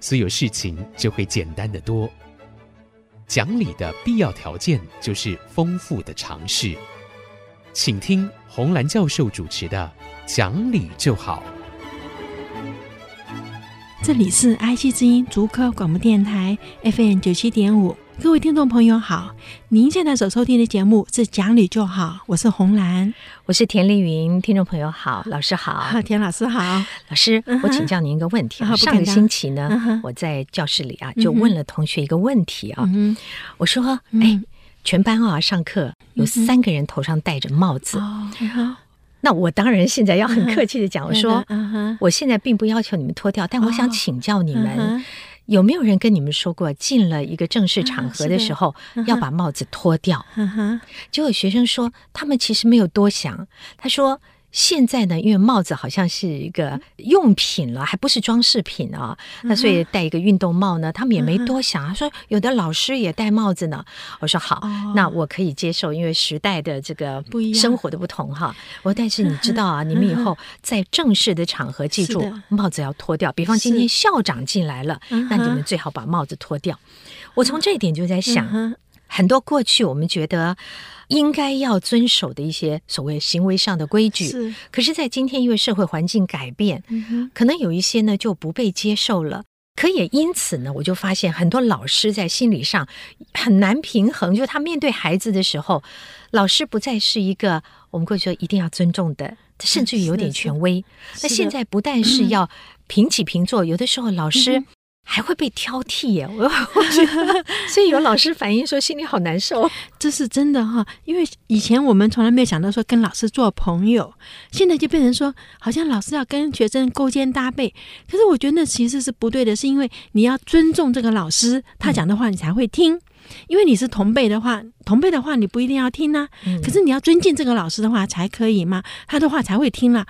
所有事情就會簡單得多。講理的必要條件就是豐富的常識。請聽洪蘭教授主持的《講理就好》。這裡是 I C 之音足科廣播電台 F M 九七點五。各位聽眾朋友好，您現在所收聽的節目是講理就好，我是紅蘭，我是田麗云。聽眾朋友好，老師好，田老師好，老師，uh -huh. 我請教您一個問題。uh -huh. 上個星期呢，uh -huh. 我在教室裡啊，就問了同學一個問題啊。Uh -huh. 我說，哎，全班啊，上課有三個人頭上戴着帽子。哦，uh -huh.，那我當然現在要很客氣的講，uh -huh. 我說，uh -huh. 我現在並不要求你們脫掉，但我想請教你們。Uh -huh. 有沒有人跟你們說過，進了一個正式場合的時候要把帽子脫掉？啊，嗯哼、嗯哼，就有學生說，他們其實沒有多想，他說。現在呢，因為帽子好像是一個用品了，嗯、還不是裝飾品啊、哦嗯。那所以戴一個運動帽呢，他們也沒多想，啊、嗯。說有的老師也戴帽子呢。我說好，哦、那我可以接受，因為時代的這個不一樣，生活的不同、不一樣的哈。我說，但是你知道啊，嗯、你們以後在正式的場合，記住帽子要脫掉。比方今天校長進來了，那你們最好把帽子脫掉。嗯、我從這一點就在想。嗯很多過去我們覺得應該要遵守的一些所謂行為上的規矩，是。可是，在今天因為社會環境改變、嗯，可能有一些呢就不被接受了。可也因此呢，我就發現很多老師在心理上很難平衡，就是他面對孩子的時候，老師不再是一個我們過去說一定要尊重的，嗯、甚至於有點權威。那現在不但是要平起平坐，嗯、有的時候老師、嗯。還會被挑剔耶！我覺得 所以有老師反映說心裡好難受， 這是真的哈。因為以前我們從來沒有想到說跟老師做朋友，現在就變成說好像老師要跟學生勾肩搭背。可是我覺得那其實是不對的，是因為你要尊重這個老師，他講的話你才會聽。因為你是同輩的話，同輩的話你不一定要聽呢、啊。可是你要尊敬這個老師的話才可以嘛，他的話才會聽了、啊。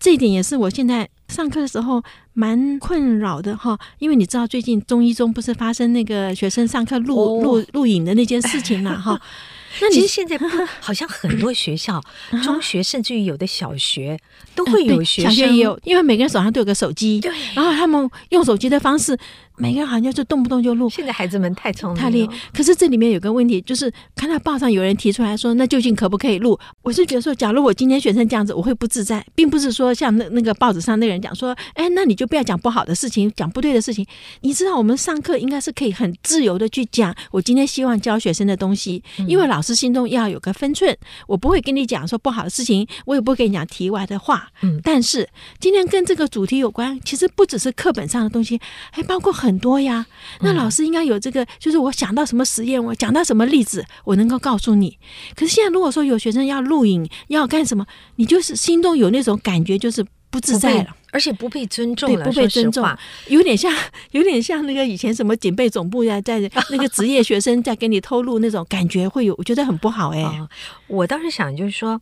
這一點也是我現在。上課的時候蠻困擾的哈，因為你知道最近中一中不是發生那個學生上課錄錄錄影的那件事情嘛、啊。哈。 那其實現在不 好像很多學校、 中學，甚至於有的小學都會有學生、嗯小學也有，因為每個人手上都有個手機，然後他們用手機的方式。每個人好像就動不動就錄。現在孩子們太聰明了，太厲害。可是這裡面有個問題，就是看到報上有人提出來說，那究竟可不可以錄？我是覺得說，假如我今天學生這樣子，我會不自在。並不是說像那那個報紙上那人講說，哎、欸，那你就不要講不好的事情，講不對的事情。你知道，我們上課應該是可以很自由的去講我今天希望教學生的東西，因為老師心中要有個分寸，我不會跟你講說不好的事情，我也不會跟你講題外的話。嗯。但是今天跟這個主題有關，其實不只是課本上的東西，還包括很。很多呀！那老師應該有這個，就是我想到什麼實驗，我、嗯、講到什麼例子，我能夠告訴你。可是現在，如果說有學生要錄影，要幹什麼，你就是心中有那種感覺，就是不自在了，而且不被尊重了，對，不被尊重，有點像，有點像那個以前什麼警備總部呀，在那個職業學生在給你偷錄那種感覺， 會有，我覺得很不好哎、欸哦。我倒是想，就是說，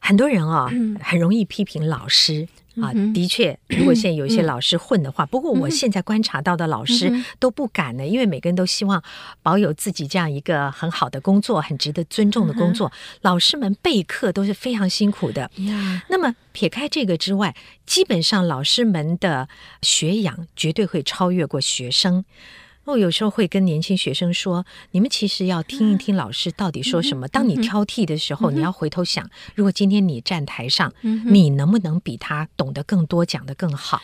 很多人啊、哦，很容易批評老師。啊，的確，如果現在有一些老師混的話、嗯，不過我現在觀察到的老師都不敢呢、嗯嗯，因為每個人都希望保有自己這樣一個很好的工作，很值得尊重的工作。嗯、老師們備課都是非常辛苦的。嗯，那麼撇開這個之外，基本上老師們的學養絕對會超越過學生。有時候會跟年輕學生說：“你們其實要聽一聽老師到底說什麼。嗯嗯嗯，當你挑剔的時候，嗯，你要回頭想，如果今天你站台上，嗯，你能不能比他懂得更多，講得更好？”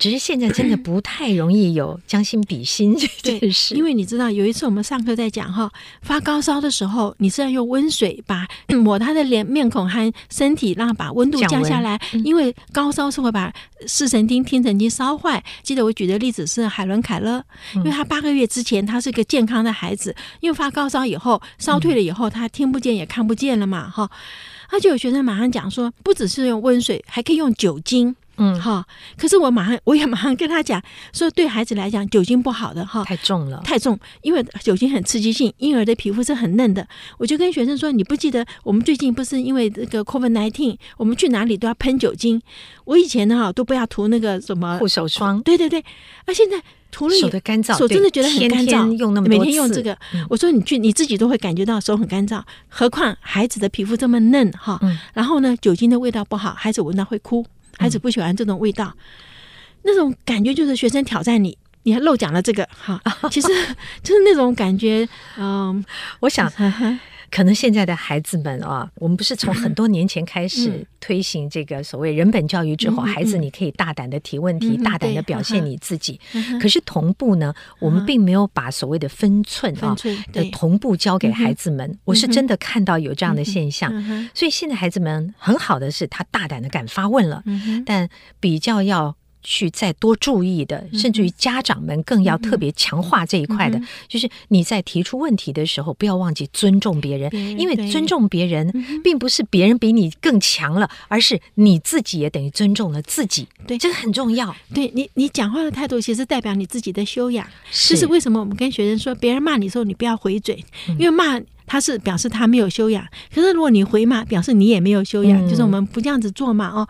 只是現在真的不太容易有將心比心這件事， 對 因為你知道，有一次我們上課在講哈、哦，發高燒的時候，你是要用溫水把 抹他的臉、面孔和身體，讓把溫度降下來，因為高燒是會把視神經、聽神經燒壞。 記得我舉的例子是海倫·凱勒·凱、嗯、勒，因為他八個月之前他是一個健康的孩子，因為發高燒以後燒退了以後、嗯，他聽不見也看不見了嘛，哈、哦。那就有學生馬上講說，不只是用溫水，還可以用酒精。嗯哈、哦，可是我馬上我也馬上跟他講說，對孩子來講酒精不好的哈、哦，太重了，太重，因為酒精很刺激性，嬰兒的皮膚是很嫩的。我就跟學生說，你不記得我們最近不是因為這個 COVID nineteen，我們去哪裡都要噴酒精。我以前呢哈都不要塗那個什麼護手霜，對對對，而、啊、現在塗了手的乾燥，手真的覺得很乾燥，天天用那麼多，每天用這個，嗯、我說你去你自己都會感覺到手很乾燥，何況孩子的皮膚這麼嫩哈、哦嗯。然後呢，酒精的味道不好，孩子聞到會哭。孩子不喜歡這種味道，嗯，那種感覺就是學生挑戰你，你還漏講了這個哈，其實就是那種感覺， 嗯，我想。 可能現在的孩子們啊，我們不是從很多年前開始推行這個所謂人本教育之後，嗯嗯、孩子你可以大膽的提問題，嗯嗯、大膽的表現你自己。可是同步呢、嗯，我們並沒有把所謂的分寸啊的、呃、同步交給孩子們、嗯。我是真的看到有這樣的現象，嗯嗯、所以現在孩子們很好的是他大膽的敢發問了，嗯、但比較要。去再多注意的。甚至於家長們更要特別強化這一塊的。嗯嗯、就是你在提出問題的時候，不要忘記尊重別人，別人因為尊重別人，並不是別人比你更強了、嗯，而是你自己也等於尊重了自己。對，這個很重要。對你，你講話的態度其實代表你自己的修養。是。這是為什麼我們跟學生說，別人罵你的時候，你不要回嘴，嗯、因為罵。他是表示他沒有修養，可是如果你回罵，表示你也沒有修養、嗯。就是我們不這樣子做嘛，哦，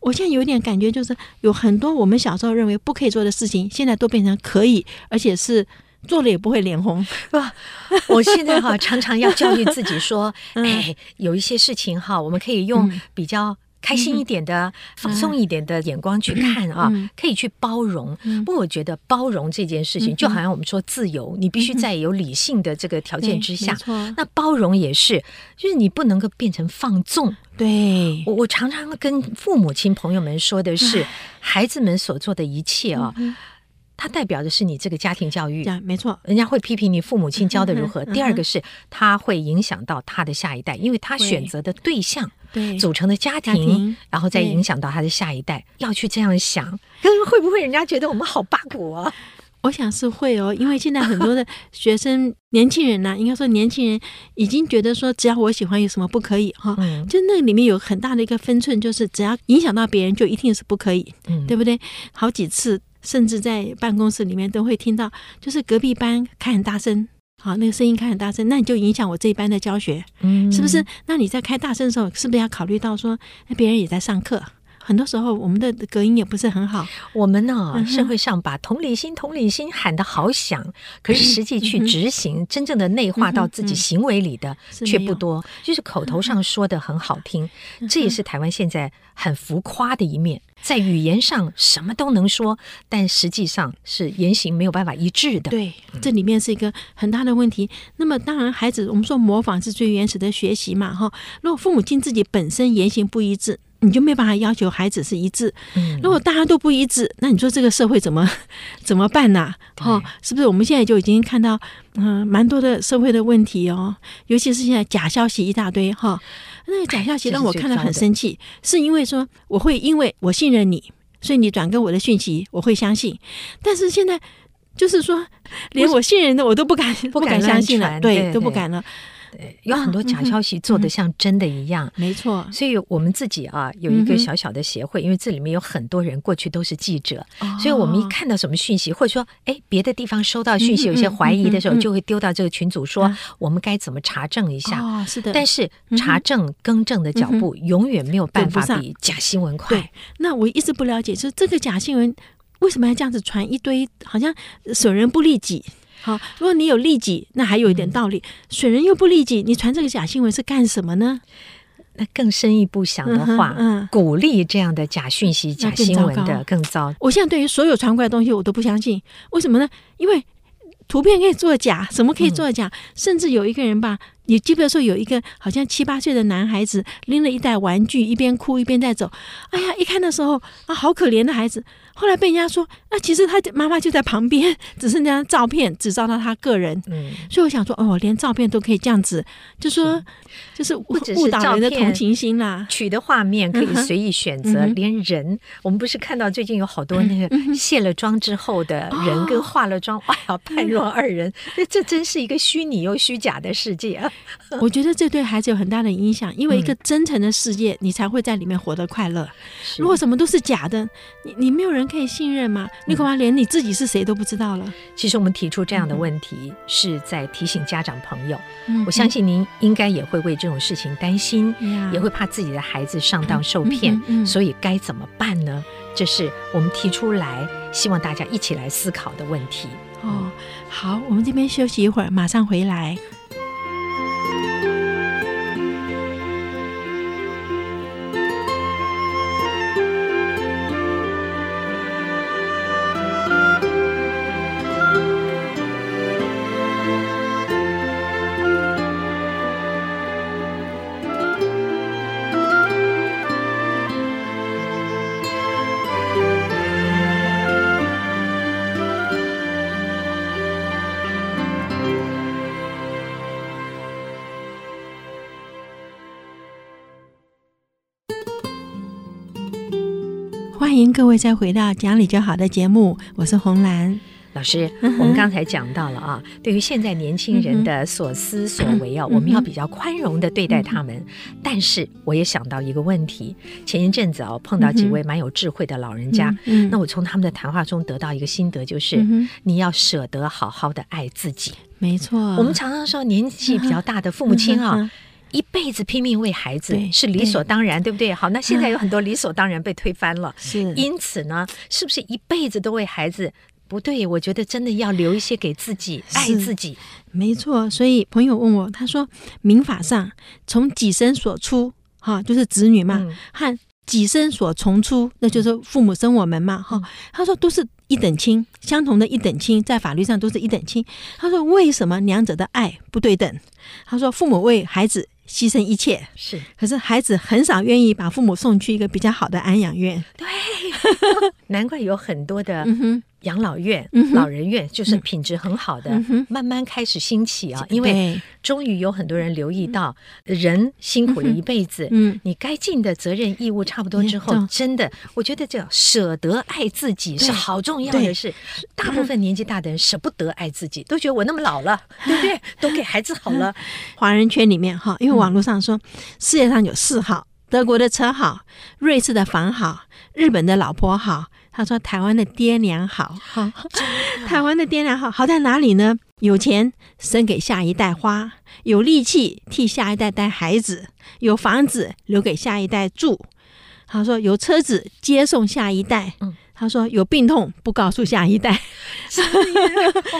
我現在有點感覺，就是有很多我們小時候認為不可以做的事情，現在都變成可以，而且是做了也不會臉紅、哦。不，我現在哈 常常要教育自己說，嗯、哎，有一些事情哈，我們可以用比較、嗯。開心一點的，嗯、放鬆一點的眼光去看啊，嗯、可以去包容，嗯。不過我覺得包容這件事情，就好像我們說自由，嗯，你必須在有理性的這個條件之下，嗯。那包容也是，就是你不能夠變成放縱。對，我我常常跟父母親朋友們說的是，嗯、孩子們所做的一切啊，哦嗯，它代表的是你這個家庭教育，嗯。沒錯，人家會批評你父母親教的如何。嗯嗯，第二個是，他，嗯、會影響到他的下一代，因為他選擇的對象。嗯對組成的家庭，家庭，然後再影響到他的下一代，要去這樣想，可是會不會人家覺得我們好八股啊？我想是會哦，因為現在很多的學生、 年輕人呢、啊，應該說年輕人已經覺得說，只要我喜歡，有什麼不可以哈、嗯？就那裡面有很大的一個分寸，就是只要影響到別人，就一定是不可以，嗯、對不對？好幾次，甚至在辦公室裡面都會聽到，就是隔壁班開很大聲。好，那個聲音開很大聲，那你就影響我這一班的教學。嗯，是不是？那你在開大聲的時候，是不是要考慮到說，別人也在上課？很多時候，我們的隔音也不是很好。我們呢、啊，社會上把同理心、嗯、同理心喊得好響，可是實際去執行、嗯、真正的內化到自己行為裡的、嗯、卻不多，就是口頭上說的很好聽、嗯。這也是台灣現在很浮誇的一面、嗯，在語言上什麼都能說，但實際上是言行沒有辦法一致的。對，這裡面是一個很大的問題。那麼當然，孩子我們說模仿是最原始的學習嘛，哈。如果父母親自己本身言行不一致，你就沒辦法要求孩子是一致。如果大家都不一致，嗯、那你說這個社會怎麼怎麼辦呢、啊？哈、哦，是不是我們現在就已經看到，嗯、呃，蠻多的社會的問題哦，尤其是現在假消息一大堆哈、哦。那個、假消息讓我看了很生氣、哎就是，是因為說我會因為我信任你，所以你轉給我的訊息我會相信。但是現在就是說，連我信任的我都不敢不敢，不敢相信了，對，對對對都不敢了。有很多假消息做得像真的一樣、啊嗯嗯嗯，沒錯。所以我們自己啊有一個小小的協會、嗯，因為這裡面有很多人過去都是記者，哦、所以我們一看到什麼訊息，或者說誒別的地方收到訊息有些懷疑的時候，嗯嗯嗯嗯、就會丟到這個群組說、嗯、我們該怎麼查證一下、哦。是的，但是查證更正的腳步永遠沒有辦法比假新聞快。哦嗯嗯、對對，那我一直不了解，就是這個假新聞為什麼要這樣子傳一堆，好像損人不利己。好，如果你有利己，那還有一點道理；損、嗯、人又不利己，你傳這個假新聞是幹什麼呢？那更深一步想的話，嗯嗯、鼓勵這樣的假訊息、假新聞的更糟。我現在對於所有傳過來的東西，我都不相信。為什麼呢？因為圖片可以作假，什麼可以作假、嗯？甚至有一個人吧，你記不得說有一個好像七八歲的男孩子，拎了一袋玩具，一邊哭一邊在走。哎呀，一看的時候啊，好可憐的孩子。後來被人家說，那、啊、其實他媽媽就在旁邊，只是那張照片只照到他個人、嗯，所以我想說，哦，連照片都可以這樣子，就說，是就是，誤，是誤導人的同情心啦、啊。取的畫面可以隨意選擇、嗯嗯，連人，我們不是看到最近有好多那個卸了妝之後的人、嗯嗯、跟化了妝，哎、哦、呀，判 若二人。這這真是一個虛擬又虛假的世界、啊。 我覺得這對孩子有很大的影響，因為一個真誠的世界，嗯、你才會在裡面活得快樂。如果什麼都是假的，你你沒有人。可以信任嗎？你恐怕連你自己是誰都不知道了。嗯，其實我們提出這樣的問題，是在提醒家長朋友，嗯。我相信您應該也會為這種事情擔心，嗯，也會怕自己的孩子上當受騙，嗯嗯嗯嗯嗯。所以該怎麼辦呢？這是我們提出來，希望大家一起來思考的問題。哦，好，我們這邊休息一會兒，馬上回來。歡迎各位再回到《講理就好》的節目，我是紅蘭老師。我們剛才講到了啊、嗯，對於現在年輕人的所思所為啊、嗯，我們要比較寬容的對待他們、嗯。但是我也想到一個問題，前一陣子哦碰到幾位蠻有智慧的老人家、嗯，那我從他們的談話中得到一個心得，就是、嗯、你要捨得好好的愛自己。沒錯，我們常常說年紀比較大的父母親啊。嗯一輩子拼命為孩子是理所當然，對不對？好，那現在有很多理所當然被推翻了。嗯、是，因此呢，是不是一輩子都為孩子不對？我覺得真的要留一些給自己，愛自己。沒錯。所以朋友問我，他說，民法上從己身所出，哈、哦，就是子女嘛，嗯、和己身所從出，那就是父母生我們嘛，哈、哦。他說，都是一等親，相同的一等親，在法律上都是一等親。他說，為什麼兩者的愛不對等？他說，父母為孩子。犧牲一切是，可是孩子很少願意把父母送去一個比較好的安養院。對， 難怪有很多的、嗯。養老院、老人院、嗯、就是品質很好的、嗯，慢慢開始興起啊、嗯！因為終於有很多人留意到，嗯、人辛苦了一輩子，嗯、你該盡的責任義務差不多之後，嗯、真的、嗯，我覺得這捨得愛自己是好重要的事。嗯、大部分年紀大的人捨不得愛自己，都覺得我那麽老了、嗯，對不對？都給孩子好了。嗯、華人圈裡面哈，因為網絡上說、嗯，世界上有四好：德國的車好，瑞士的房好，日本的老婆好。他說：“台灣的爹娘好，啊啊、台灣的爹娘好，好在哪裡呢？有錢生給下一代花，有力氣替下一代帶孩子，有房子留給下一代住。他說有車子接送下一代，嗯、他說有病痛不告訴下一代。是 我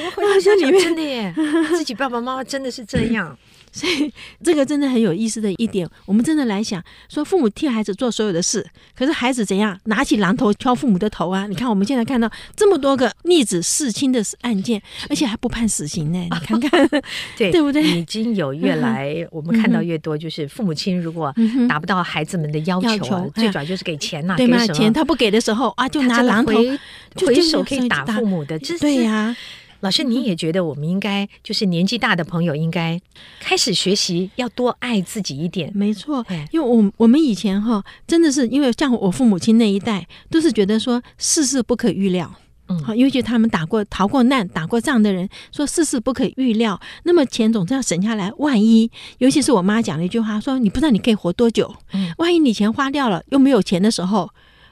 們回想裡面，真的耶，自己爸爸媽媽真的是這樣。 ”所以，這個真的很有意思的一點。我們真的來想說，父母替孩子做所有的事，可是孩子怎樣拿起榔頭敲父母的頭啊？你看我們現在看到這麼多個逆子弑親的案件，而且還不判死刑呢。你看看，對、啊、對不對？已經有越來、嗯、我們看到越多，就是父母親如果達不到孩子們的要求，、啊嗯要求，最主要就是給錢吶、啊啊，對嗎？錢他不給的時候啊，就拿榔頭，回手可以打父母的，對呀、啊。老師，你也覺得我們應該就是年紀大的朋友應該開始學習，要多愛自己一點、嗯。沒錯，因為我我們以前哈，真的是因為像我父母親那一代，都是覺得說世事不可預料。嗯，尤其他們打過、逃過難、打過仗的人，說世事不可預料。那麼錢總是要省下來，萬一，尤其是我媽講了一句話，說你不知道你可以活多久。萬一你錢花掉了又沒有錢的時候。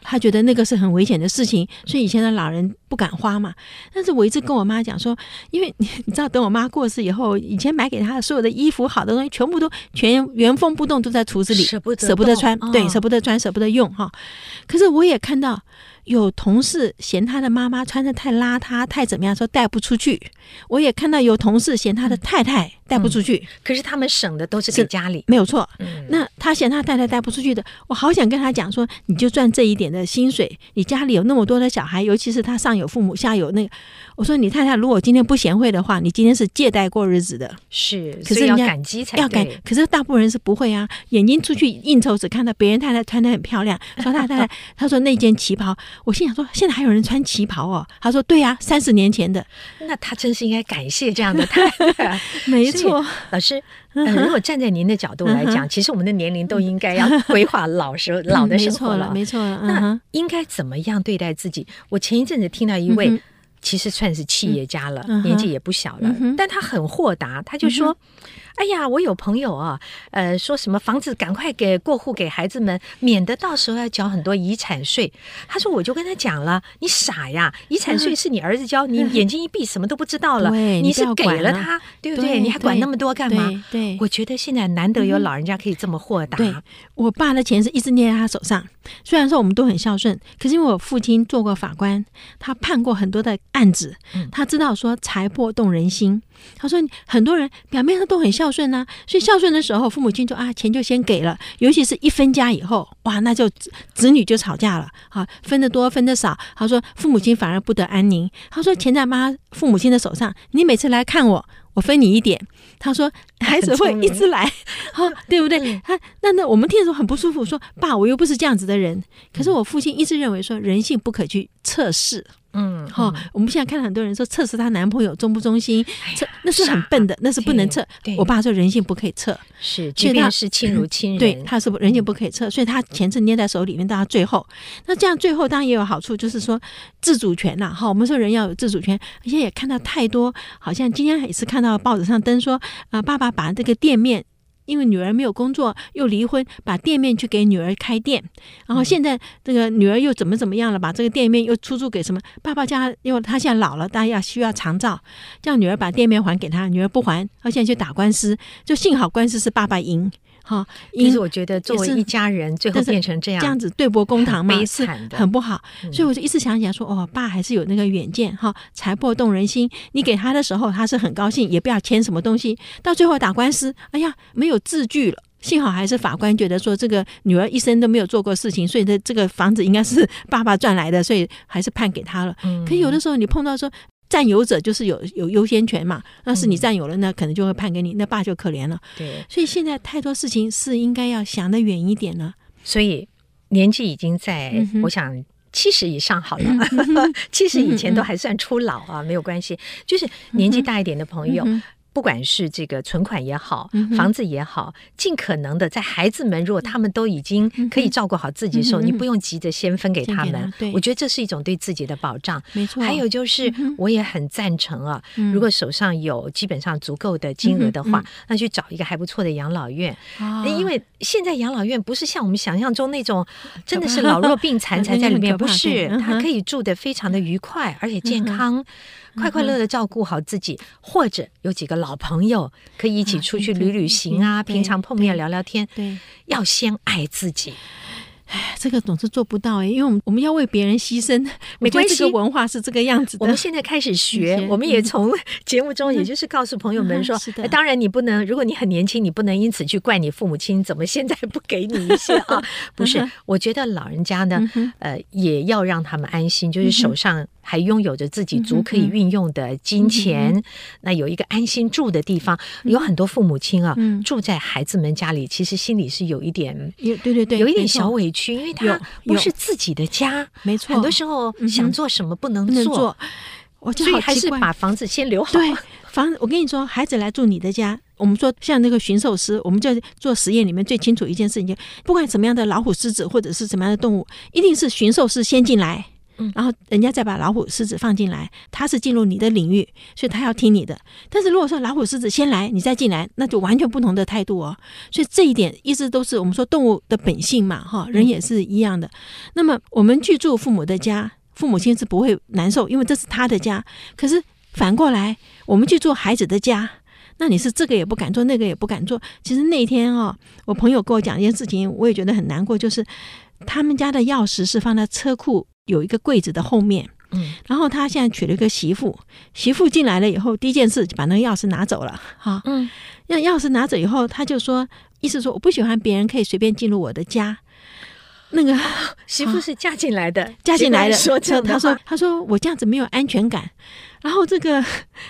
他覺得那個是很危險的事情，所以以前的老人不敢花嘛。但是我一直跟我媽講說，因為你你知道，等我媽過世以後，以前買給她的所有的衣服、好的東西，全部都全原封不動都在櫥子裡，捨不得捨不得穿，哦，對，捨不得穿，捨不得用哈。可是我也看到。有同事嫌他的媽媽穿的太邋遢，太怎麼樣，說帶不出去。我也看到有同事嫌他的太太帶不出去。嗯，可是他們省的都是在家裡，沒有錯，嗯。那他嫌他太太帶不出去的，我好想跟他講說，你就賺這一點的薪水，你家裡有那麼多的小孩，尤其是他上有父母，下有那個。我說：“你太太如果今天不賢惠的話，你今天是借貸過日子的，是。可是要感激才要感。可是大部分人是不會啊。眼睛出去應酬時看到別人太太穿得很漂亮。 說他太，太太，他 說那件旗袍，我心想說，現在還有人穿旗袍哦。他說對呀，啊，三十年前的。那他真是應該感謝這樣的太太， 沒錯。老師，如、呃、果站在您的角度來講， 嗯，其實我們的年齡都應該要規劃老時老的時候， 嗯，錯了，沒錯了，嗯。那應該怎麼樣對待自己？我前一陣子聽到一位。嗯其實算是企業家了，嗯嗯、年紀也不小了，嗯、但他很豁達，他就說。嗯哎呀，我有朋友啊，呃，說什麼房子趕快給過戶給孩子們，免得到時候要繳很多遺產稅。他說，我就跟他講了，你傻呀，遺產稅是你兒子交、嗯，你眼睛一閉，什麼都不知道了。嗯、對你是給了他，不啊、對不對，對？你還管那麼多幹嘛對對？對，我覺得現在難得有老人家可以這麼豁達。對我爸的錢是一直捏在他手上，雖然說我們都很孝順，可是因為我父親做過法官，他判過很多的案子，他知道說財帛動人心。嗯他說：“很多人表面上都很孝順吶、啊，所以孝順的時候，父母親就啊錢就先給了。尤其是一分家以後，哇，那就子，子女就吵架了。好、啊，分得多，分得少，他說父母親反而不得安寧。他說錢在媽父母親的手上，你每次來看我，我分你一點。他說孩子會一直來，啊， 對不對？他那那我們聽的時候很不舒服。說爸，我又不是這樣子的人。可是我父親一直認為說人性不可去測試。”嗯，好、嗯，哦，我們現在看到很多人說測試她男朋友忠不忠心，哎、測，那是很笨的，那是不能測。我爸說人性不可以測，是，即便是親如親人，嗯，對，他是人性不可以測，所以他前次捏在手裡面，到他最後，那這樣最後當然也有好處，就是說自主權吶、啊，好、哦，我們說人要有自主權，而且也看到太多，好像今天也是看到報紙上登說，啊、呃，爸爸把這個店面。因為女兒沒有工作，又離婚，把店面去給女兒開店，然後現在這個女兒又怎麼怎麼樣了？把這個店面又出租給什麼？爸爸家，因為他現在老了，大家要需要長照，叫女兒把店面還給他，女兒不還，他現在去打官司，就幸好官司是爸爸贏。哈，因為我覺得作為一家人，最後變成這樣這樣子對簿公堂嘛，很慘，很不好。所以我就一直想起來說，哦，爸還是有那個遠見哈，哦，財帛動人心。你給他的時候，他是很高興，也不要簽什麼東西。到最後打官司，哎呀，沒有字據了。幸好還是法官覺得說，這個女兒一生都沒有做過事情，所以這這個房子應該是爸爸賺來的，所以還是判給他了。嗯，可有的時候你碰到說。佔有者就是有有優先權嘛，那是你佔有了呢，那、嗯、可能就會判給你，那爸就可憐了。對，所以現在太多事情是應該要想得遠一點了。所以年紀已經在我想七十以上好了，七、嗯、十 以前都還算初老啊、嗯，沒有關係。就是年紀大一點的朋友。嗯不管是這個存款也好、嗯，房子也好，盡可能的在孩子們，如果他們都已經可以照顧好自己的時候，嗯、你不用急着先分給他們。我覺得這是一種對自己的保障。沒錯、哦。還有就是，我也很贊成啊、嗯，如果手上有基本上足夠的金額的話，嗯、那去找一個還不錯的養老院、嗯。因為現在養老院不是像我們想象中那種，真的是老弱病殘才在裡面，嗯、不是、嗯，他可以住得非常的愉快，而且健康。嗯 快快樂樂的照顧好自己，或者有幾個老朋友可以一起出去旅旅行啊。啊嗯、平常碰面聊聊天。對，對，要先愛自己。哎，這個總是做不到哎，因為我們我們要為別人犧牲。沒關係，這個文化是這個樣子的。我們現在開始學，嗯、我們也從節目中，也就是告訴朋友們說，嗯，當然你不能，如果你很年輕，你不能因此去怪你父母親怎麼現在不給你一些啊。 oh, 不是， 我覺得老人家呢，呃，也要讓他們安心，嗯、就是手上、嗯。還擁有着自己足可以運用的金錢、嗯，那有一個安心住的地方，嗯、有很多父母親啊、嗯，住在孩子們家裡，其實心裡是有一點，有對對對，有一點小委屈，因為他不是自己的家，沒錯，很多時候想做什麼不能做，嗯、我就還是把房子先留好。對，房子，我跟你說，孩子來住你的家，我們說像那個馴獸師，我們在做實驗裡面最清楚一件事情，不管什麼樣的老虎、獅子，或者是什麼樣的動物，一定是馴獸師先進來。嗯，然後人家再把老虎、獅子放進來，他是進入你的領域，所以他要聽你的。但是如果說老虎、獅子先來，你再進來，那就完全不同的態度哦。所以這一點一直都是我們說動物的本性嘛，哈，人也是一樣的。那麼我們去住父母的家，父母親是不會難受，因為這是他的家。可是反過來，我們去住孩子的家，那你是這個也不敢做，那個也不敢做。其實那一天哦，我朋友跟我講一件事情，我也覺得很難過，就是他們家的鑰匙是放在車庫。有一個櫃子的後面，嗯，然後他現在娶了一個媳婦，媳婦進來了以後，第一件事就把那個鑰匙拿走了，哈、啊，嗯，那鑰匙拿走以後，他就說，意思說我不喜歡別人可以隨便進入我的家，那個、啊啊、媳婦是嫁進來的，嫁進來的，說真的，他說，他說我這樣子沒有安全感，然後這個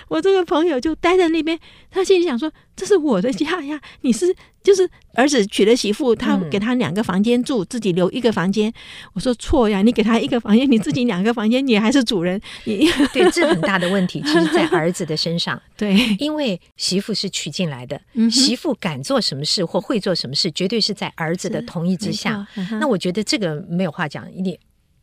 我這個朋友就待在那邊，他心裡想說，這是我的家呀，你是。就是兒子娶了媳婦，他給他兩個房間住，嗯，自己留一個房間。我說錯呀，你給他一個房間， 你自己兩個房間，你還是主人。 對，這很大的問題，其實在兒子的身上。 對，因為媳婦是娶進來的，媳婦敢做什麼事或會做什麼事，絕對是在兒子的同意之下。嗯，那我覺得這個沒有話講，一定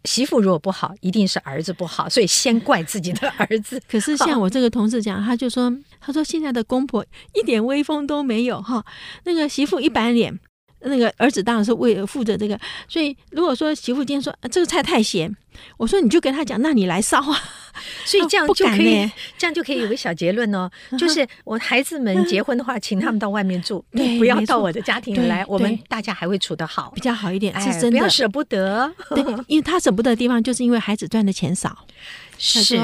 媳婦如果不好，一定是兒子不好，所以先怪自己的兒子。 可是像我這個同事講，他就說。他說：“現在的公婆一點威風都沒有哈，那個媳婦一板臉，那個兒子當然是為了負責這個，所以如果說媳婦今天說，啊，這個菜太鹹。”我說你就跟他講，那你來燒啊！ 所以這樣就可以， 這樣就可以有個小結論哦、 嗯。就是我孩子們結婚的話，嗯、請他們到外面住，你不要到我的家庭來，我們大家還會處得好，比較好一點。是真的，哎、不要捨不得。 對，因為他捨不得的地方，就是因為孩子賺的錢少。是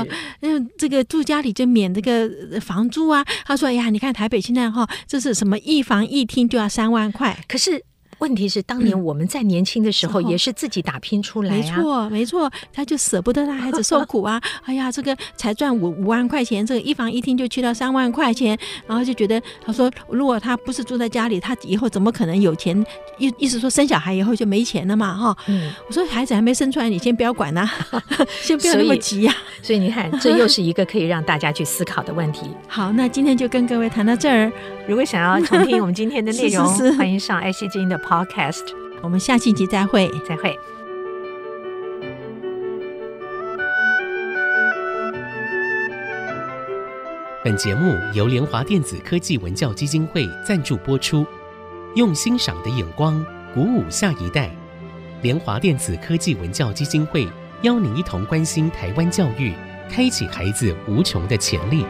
嗯，這個住家裡就免這個房租啊。”他說：“哎呀，你看台北現在哈，這是什麼一房一廳就要三萬塊。”可是。問題是，當年我們在年輕的時候也是自己打拼出來的，啊嗯。沒錯，沒錯，他就捨不得讓孩子受苦啊。 哎呀，這個才賺五五萬塊錢，這個一房一廳就去到三萬塊錢，然後就覺得，他說如果他不是住在家裡，他以後怎麼可能有錢？意意思說生小孩以後就沒錢了嘛？哈、哦。嗯。我說孩子還沒生出來，你先不要管吶，啊啊，先不要那麼急呀，啊。所以你看，這又是一個可以讓大家去思考的問題。 好，那今天就跟各位談到這兒。如果想要重聽我們今天的內容， 是是是歡迎上愛惜金的 Podcast。 我們下期集再會、嗯，再會。本節目由聯華電子科技文教基金會贊助播出，用欣賞的眼光鼓舞下一代。聯華電子科技文教基金會邀您一同關心台灣教育，開啟孩子無窮的潛力。